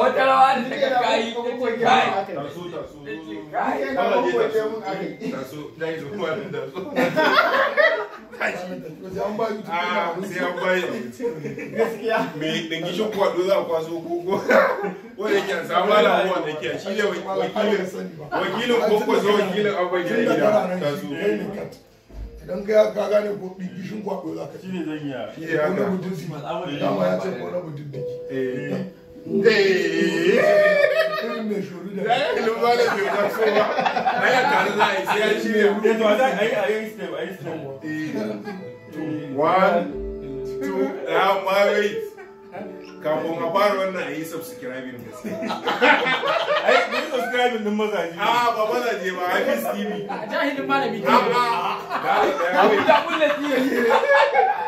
wata rawa da kai da tarsu ka gane ko gishin kwado za ka zan yi shi ne ya ga mutunci dama ya ce ko na mutunci eh lumana bai kwaso ba na ya tare za a yi sai ya shirya ya to za a yi a yi step a yi step one two now my wait kafin a fara wannan a yi subscribing gaskiya a yi subscribing din mazaje a ah, ba mazaje ba hafiz tv a jahilin malami tv a a a a a a a a a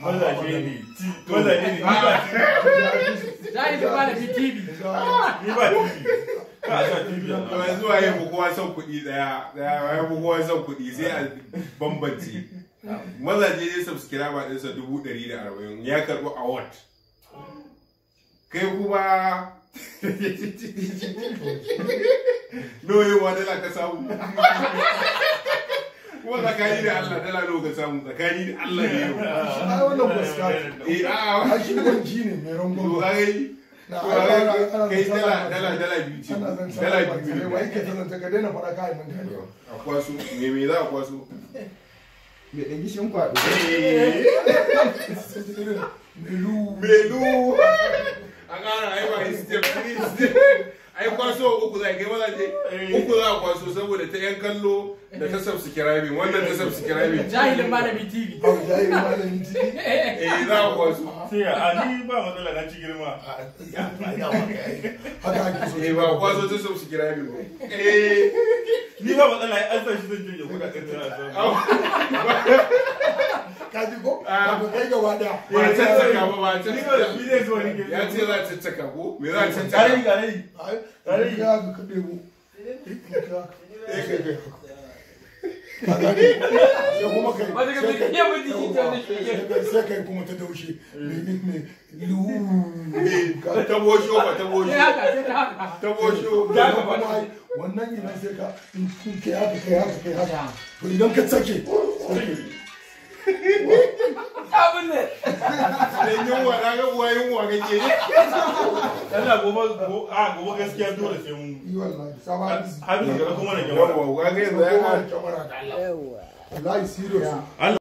mazaje ne mazaje ne ni ba ah. tv ni ba tv kamar zuwa ya fi son kuɗi daya ya fi son kuɗi sai a bambance mazaje ne subscriber ɗinsa dubu ɗari da arba'in ya karɓi award kai kuma no yi wa dala ka samu kuma tsakani da Allah dala nawa ka samu tsakani da Allah ne yau ai wannan gaskiya eh a shi gwanji ne mai rangon to ai kai dala dala dala biyu ce dala biyu ne wai ke tana ta ka daina fara kai mun gani a kwaso me me za a kwaso me da gishin kwado eh. melu melu a ƙara ai ba step 3 kwaso uku za eh. uku za a kwaso saboda ta yan kallo da ta subscribing wannan ta subscribing jahilin malami tv jahilin malami tv eh za a kwaso sai ali ba matsala na ci girma haka ake so eh ba kwaso ta subscribing ba eh ni ba matsala an san shi zan je ya kuɗa kan tana ka ji ko kafin ah. kai gaba da ba a cancaka ba ba a cancaka ya ce za a cancaka ko me za a cancaka tare ga rai tare ga ka kaɗe mu kuma kai sai kai k'a ta daushe menene ta ba ta bosho ta wannan idan sai ka kai haka kai haka kai haka idan ka sake abin ne dan yunwa na ga uwa yunwa ga ke Allah gobe a gobe gaskiya dole sai mun yi wallahi sabani abin da kuma da jama'a ga ga yanzu ya da Allah wallahi serious